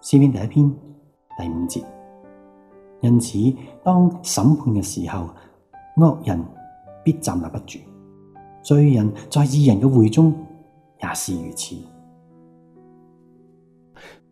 詩篇第一篇第五節，因此當審判嘅時候，惡人必站立不住，罪人在義人嘅會中也是如此。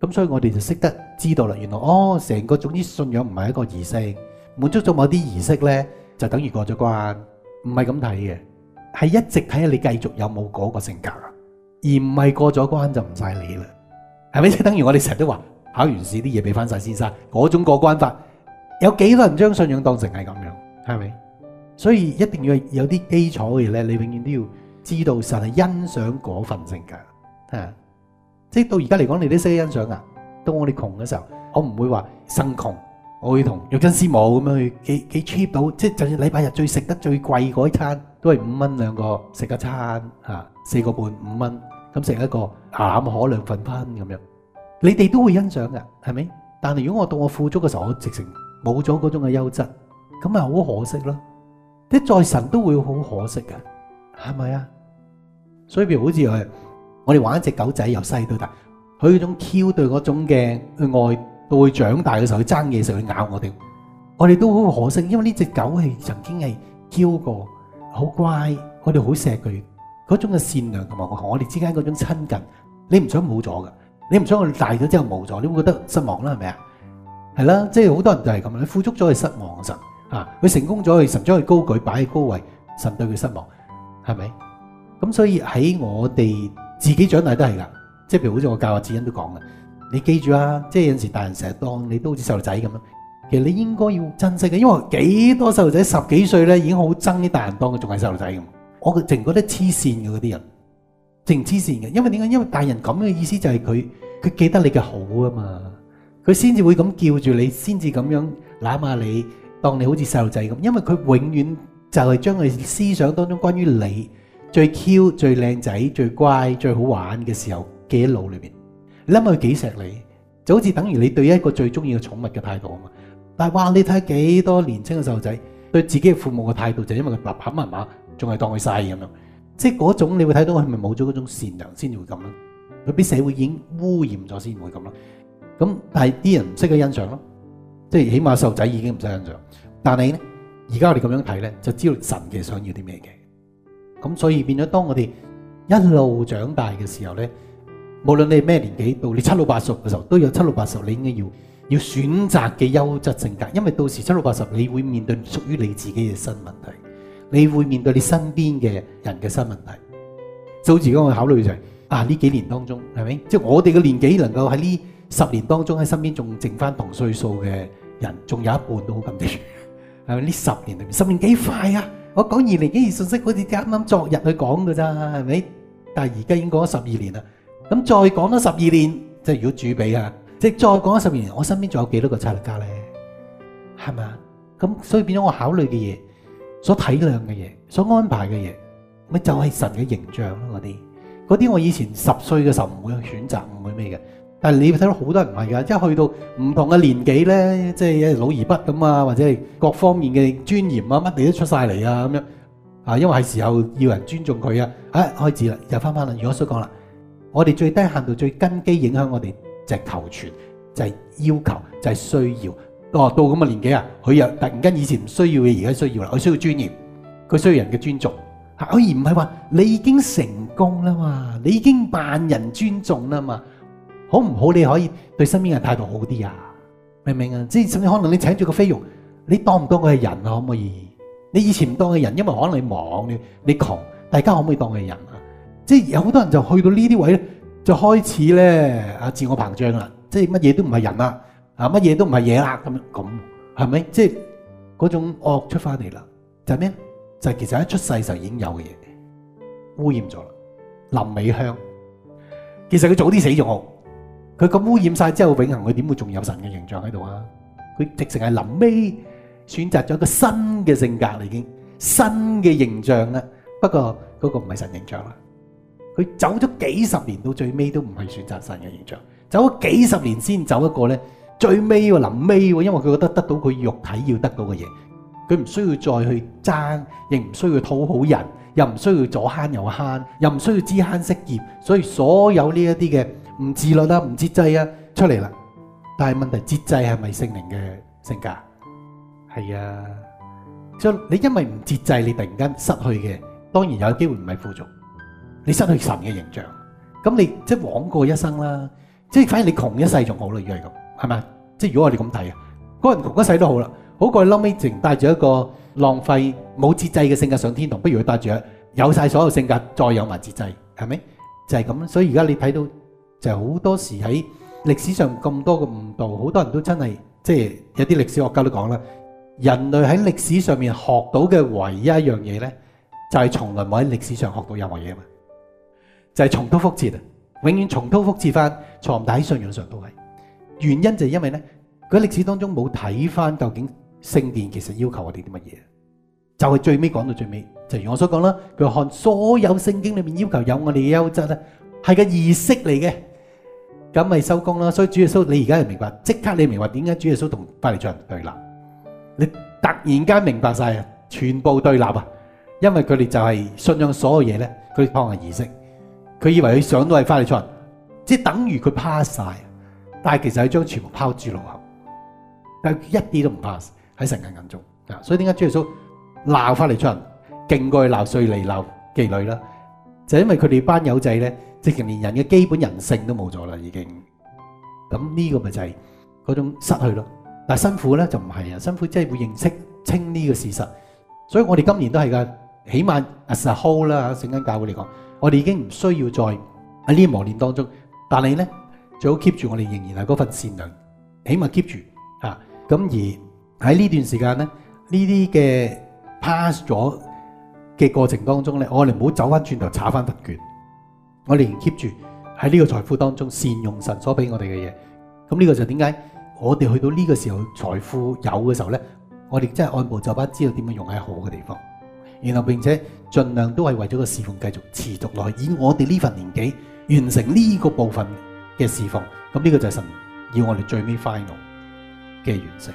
咁所以我哋就識得知道啦，原來哦，成個總之信仰唔係一個儀式，滿足咗某啲儀式咧就等於過咗關，唔係咁睇嘅，係一直睇下你繼續有冇嗰個性格，而唔係過咗關就唔曬你啦，係咪？即係等於我哋成日都話考完試啲嘢俾翻曬先生，嗰種過關法有幾多人將信仰當成係咁樣，係咪？所以一定要有啲基礎嘅嘢咧，你永遠都要知道神係欣賞嗰份性格啊。即到而家嚟講，你都識欣賞㗎。當我哋窮嘅時候，我唔會話生窮，我會同玉真師母咁樣去幾幾 cheap 到，即就算禮拜日最食得最貴嗰餐，都係五蚊兩個食一餐嚇，四個半五蚊，咁食一個餡可兩份番咁樣。你哋都會欣賞㗎，係咪？但係如果我到我富足嘅時候，我直情冇咗嗰種嘅優質，咁咪好可惜咯。啲在神都會好可惜㗎，係咪啊？所以譬如好似係。我哋玩一隻狗仔，由細到大，佢嗰種嬌對嗰種嘅愛，到佢長大嘅時候，佢爭嘢食，佢咬我哋。我哋都好可惜，因為呢隻狗係曾經係嬌過，好乖。我哋好錫佢嗰種嘅善良，同埋我哋之間嗰種親近，你唔想冇咗㗎，你唔想我哋大咗之後冇咗，你會覺得失望啦，係咪啊？係啦，即係好多人就係咁樣。你富足咗係失望神啊，佢成功咗係神將佢高舉擺喺高位，神對佢失望係咪？咁所以喺我哋。自己長大都係噶，即係譬如好似我教阿智恩都講噶，你記住啊！即係有陣時大人成日當你都好似細路仔咁樣，其實你應該要珍惜嘅，因為幾多細路仔十幾歲咧已經好憎啲大人當佢仲係細路仔咁，我淨係覺得黐線嘅嗰啲人，淨黐線嘅，因為點解？因為大人咁嘅意思就係佢佢記得你嘅好啊嘛，佢先至會咁叫住你，先至咁樣揦下你，當你好似細路仔咁，因為佢永遠就係將佢思想當中關於你。最 Q、最靚仔、最乖、最好玩嘅時候，記喺腦裏邊。你諗下佢幾錫你，就好似等於你對一個最中意嘅寵物嘅態度啊嘛。但係哇，你睇幾多年輕嘅細路仔對自己嘅父母嘅態度，就是，因為佢爸爸媽媽，仲係當佢細咁樣。即係嗰種你會睇到係咪冇咗嗰種善良先至會咁咯？佢俾社會已經污染咗先會咁咯。咁但係啲人唔識得欣賞咯。即係起碼細路仔已經唔使欣賞。但係你咧，而家我哋咁樣睇咧，就知道神其實想要啲咩嘅。咁所以變咗，當我哋一路長大嘅時候咧，無論你係咩年紀，到你七老八十嘅時候，都有七老八十，你應該要要選擇嘅優質性格。因為到時七老八十，你會面對屬於你自己嘅新問題，你會面對你身邊嘅人嘅新問題。就好似我考慮就係啊，呢幾年當中，係咪？即係我哋嘅年紀能夠喺呢十年當中喺身邊仲剩翻同歲數嘅人，仲有一半都好咁啲，係咪？呢十年裏面，十年幾快啊！我講二零幾二信息好似啱啱昨日去講噶咋，係咪？但係而家已經講咗十二年啦，咁再講多十二年，即係如果主俾啊，即係再講咗十二年，我身邊仲有幾多個策略家咧？係咪啊？咁所以變咗我考慮嘅嘢，所體諒嘅嘢，所安排嘅嘢，咪就係神嘅形象咯。嗰啲嗰啲我以前十歲嘅時候唔會去選擇，唔會咩嘅。但係你睇到好多人唔係㗎，一去到唔同嘅年紀咧，即係老而不咁啊，或者係各方面嘅尊嚴啊，乜你都出晒嚟啊咁樣啊，因為係時候要人尊重佢啊。啊，開始啦，又翻翻啦。如果叔講啦，我哋最低限度最根基影響我哋直頭傳就係要求，就係需要。哦，到咁嘅年紀啊，佢又突然間以前唔需要嘅，而家需要啦。佢需要尊嚴，佢需要人嘅尊重。啊，而唔係話你已經成功啦嘛，你已經扮人尊重啦嘛。好唔好？你可以對身邊嘅態度好啲啊！明唔明啊？即係甚至可能你請住個菲傭，你當唔當佢係人啊？可唔可以？你以前唔當佢係人，因為可能你忙，你你窮，大家可唔可以當佢係人啊？即係有好多人就去到呢啲位咧，就開始咧啊自我膨脹啦！即係乜嘢都唔係人啦、啊，嚇乜嘢都唔係嘢啦咁樣咁，係咪？即係嗰種惡出翻嚟啦？就係、是、咩？就係、是、其實一出世就已經有嘅嘢，污染咗啦。林美香，其實佢早啲死咗。好。佢咁污染曬之後，永恆佢點會仲有神嘅形象喺度啊？佢直情係臨尾選擇咗一個新嘅性格啦，已經新嘅形象啦。不過嗰個唔係神形象啦。佢走咗幾十年到最尾都唔係選擇神嘅形象，走咗幾十年先走一個呢。最尾喎臨尾喎，因為佢覺得得到佢肉體要得到嘅嘢，佢唔需要再去爭，亦唔需要討好人。又唔需要左慳右慳，又唔需要知慳識儉，所以所有呢一啲嘅唔自律啦、唔節制啊出嚟啦。但係問題，節制係咪聖靈嘅性格？係啊，所以你因為唔節制，你突然間失去嘅，當然有機會唔係富足，你失去神嘅形象，咁你即係枉過一生啦。即係反而你窮一世仲好啦，以為係咁，係咪？即係如果我哋咁睇啊，嗰人窮一世都好啦，好過後尾淨帶住一個浪費。冇節制嘅性格上天堂，不如佢帶住有晒所有性格，再有埋節制，係咪？就係咁。所以而家你睇到就好多時喺歷史上咁多個誤導，好多人都真係即係有啲歷史學家都講啦，人類喺歷史上面學到嘅唯一一樣嘢呢，就係從來冇喺歷史上學到任何嘢嘛，就係重蹈覆轍，永遠重蹈覆轍翻，從唔喺信仰上都係。原因就係因為呢，佢喺歷史當中冇睇翻究竟聖殿其實要求我哋啲乜嘢。就係最尾講到最尾，就如我所講啦。佢看所有聖經裏面要求有我哋嘅優質咧，係個儀式嚟嘅，咁咪收工啦。所以主耶穌，你而家就明白，即刻你明白點解主耶穌同法利賽人對立？你突然間明白晒啊，全部對立啊，因為佢哋就係信仰所有嘢咧，佢哋當係儀式，佢以為佢想到係法利賽人，即係等於佢 pass 晒，但係其實係將全部拋諸腦後，但係一啲都唔 pass 喺神嘅眼中啊。所以點解主耶穌？.鬧翻嚟出人勁過去鬧衰嚟鬧妓女啦，就因為佢哋班友仔咧，直情連人嘅基本人性都冇咗啦，已經咁呢個咪就係嗰種失去咯。但係辛苦咧就唔係啊，辛苦即係會認識清呢個事實。所以我哋今年都係噶，起碼 as a whole 啦嚇，成間教會嚟講，我哋已經唔需要再喺呢啲磨練當中，但係咧最好 keep 住我哋仍然係嗰份善良，起碼 keep 住嚇咁。而喺呢段時間咧，呢啲嘅。pass 咗嘅過程當中咧，我哋唔好走翻轉頭，查翻不決。我哋願 keep 住喺呢個財富當中善用神所俾我哋嘅嘢。咁呢個就點解我哋去到呢個時候財富有嘅時候咧，我哋真係按部就班，知道點樣用喺好嘅地方。然後並且盡量都係為咗個侍奉繼續持續落去，以我哋呢份年紀完成呢個部分嘅侍奉。咁呢個就係神要我哋最尾 final 嘅完成。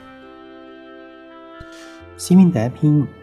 詩篇第一篇。